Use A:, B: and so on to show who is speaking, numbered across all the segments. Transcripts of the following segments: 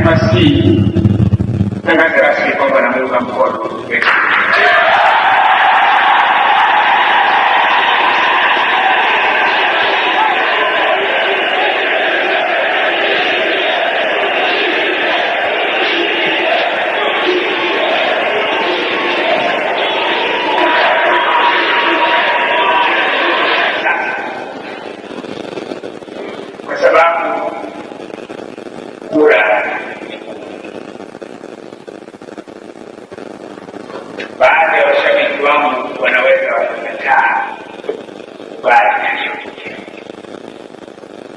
A: así gracia que baadhi ya washabiki wangu wanaweza wakakataa kubali yaliyotokea,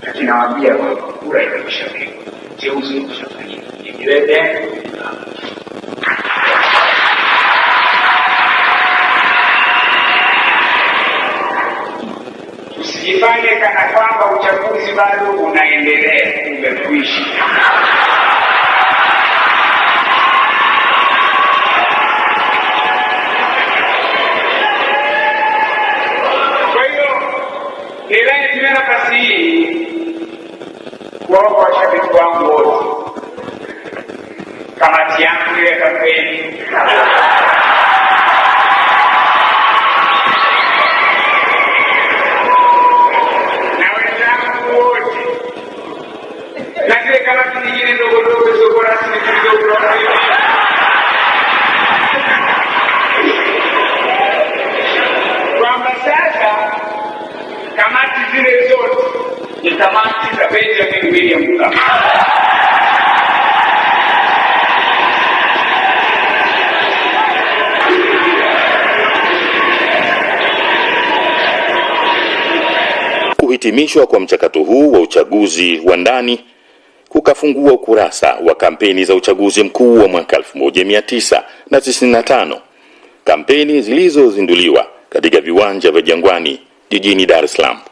A: lakini nawaambia kwamba kura imeshapigwa, uteuzi umeshafanyika, ikiwete usijifanye kana kwamba uchaguzi bado unaendelea, umekwisha. Nitumie nafasi hii kuwaomba washabiki wangu wote, kamati yangu ile kampeni ni za Benjamin William Mkapa.
B: Kuhitimishwa kwa mchakato huu wa uchaguzi wa ndani kukafungua ukurasa wa kampeni za uchaguzi mkuu wa mwaka 1995, kampeni zilizozinduliwa katika viwanja vya Jangwani jijini Dar es Salaam.